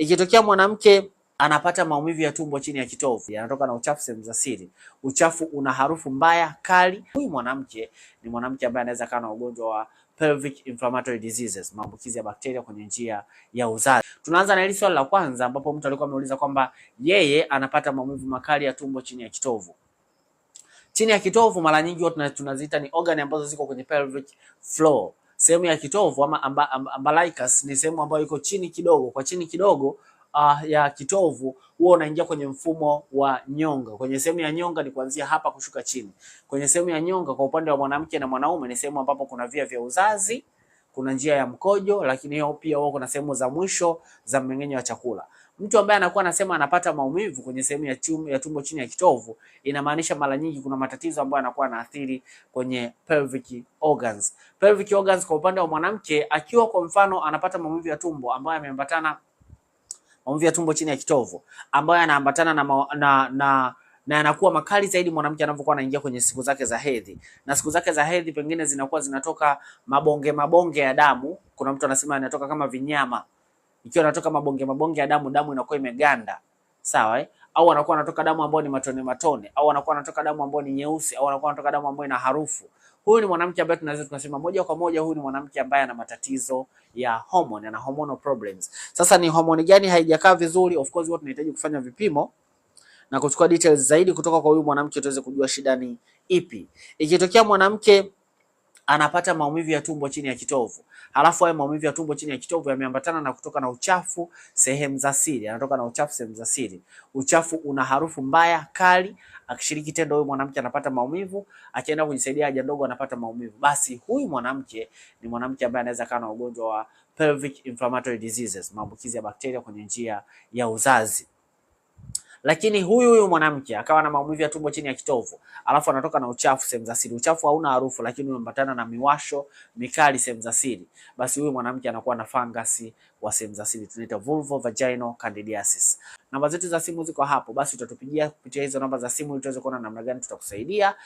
Ikitokea mwanamke anapata maumivu ya tumbo chini ya kitovu, yanatoka na uchafu sehemu za siri, uchafu una harufu mbaya kali, huyu mwanamke ni mwanamke ambaye anaweza kuwa na ugonjwa wa pelvic inflammatory diseases, maambukizi ya bakteria kwenye njia ya uzazi. Tunaanza na hili swali la kwanza, ambapo mtu alikuwa ameuliza kwamba yeye anapata maumivu makali ya tumbo chini ya kitovu. Chini ya kitovu mara nyingi huwa tunaziita ni organ ambazo ziko kwenye pelvic floor sehemu ya kitovu ama amba, amba, umbilicus ni sehemu ambayo iko chini kidogo kwa chini kidogo uh, ya kitovu, huwa unaingia kwenye mfumo wa nyonga. Kwenye sehemu ya nyonga ni kuanzia hapa kushuka chini. Kwenye sehemu ya nyonga kwa upande wa mwanamke na mwanaume ni sehemu ambapo kuna via vya uzazi kuna njia ya mkojo, lakini pia huwa kuna sehemu za mwisho za mmeng'enyo wa chakula. Mtu ambaye anakuwa anasema anapata maumivu kwenye sehemu ya, ya tumbo chini ya kitovu, inamaanisha mara nyingi kuna matatizo ambayo anakuwa anaathiri kwenye pelvic organs. Pelvic organs kwa upande wa mwanamke, akiwa kwa mfano anapata maumivu ya tumbo ambayo yameambatana maumivu ya tumbo chini ya kitovu ambayo yanaambatana na, na, na na yanakuwa makali zaidi mwanamke anapokuwa anaingia kwenye siku zake za hedhi, na siku zake za hedhi pengine zinakuwa zinatoka mabonge mabonge ya damu. Kuna mtu anasema yanatoka kama vinyama, ikiwa anatoka mabonge mabonge ya damu, damu inakuwa imeganda, sawa eh? au anakuwa anatoka damu ambayo ni matone matone, au anakuwa anatoka damu ambayo ni nyeusi, au anakuwa anatoka damu ambayo ina harufu. Huyu ni mwanamke ambaye tunaweza tukasema moja kwa moja, huyu ni mwanamke ambaye ana matatizo ya hormone, ana hormonal problems. Sasa ni homoni gani haijakaa vizuri? Of course huwa tunahitaji kufanya vipimo na kuchukua details zaidi kutoka kwa huyu mwanamke tuweze kujua shida ni ipi. Ikitokea mwanamke anapata maumivu ya tumbo chini ya kitovu, halafu haya maumivu ya tumbo chini ya kitovu yameambatana na kutoka na uchafu sehemu za siri, anatoka na uchafu sehemu za siri, uchafu una harufu mbaya kali. Akishiriki tendo, huyu mwanamke anapata maumivu, akienda kujisaidia haja ndogo anapata maumivu. Basi huyu mwanamke ni mwanamke ambaye anaweza kuwa na ugonjwa wa pelvic inflammatory diseases, maambukizi ya bakteria kwenye njia ya uzazi lakini huyu huyu mwanamke akawa na maumivu ya tumbo chini ya kitovu, alafu anatoka na uchafu sehemu za siri. Uchafu hauna harufu, lakini umeambatana na miwasho mikali sehemu za siri, basi huyu mwanamke anakuwa na fangasi wa sehemu za siri, tunaita vulvo vaginal candidiasis. Namba zetu za simu ziko hapo, basi utatupigia kupitia hizo namba za simu ili tuweze kuona namna gani tutakusaidia.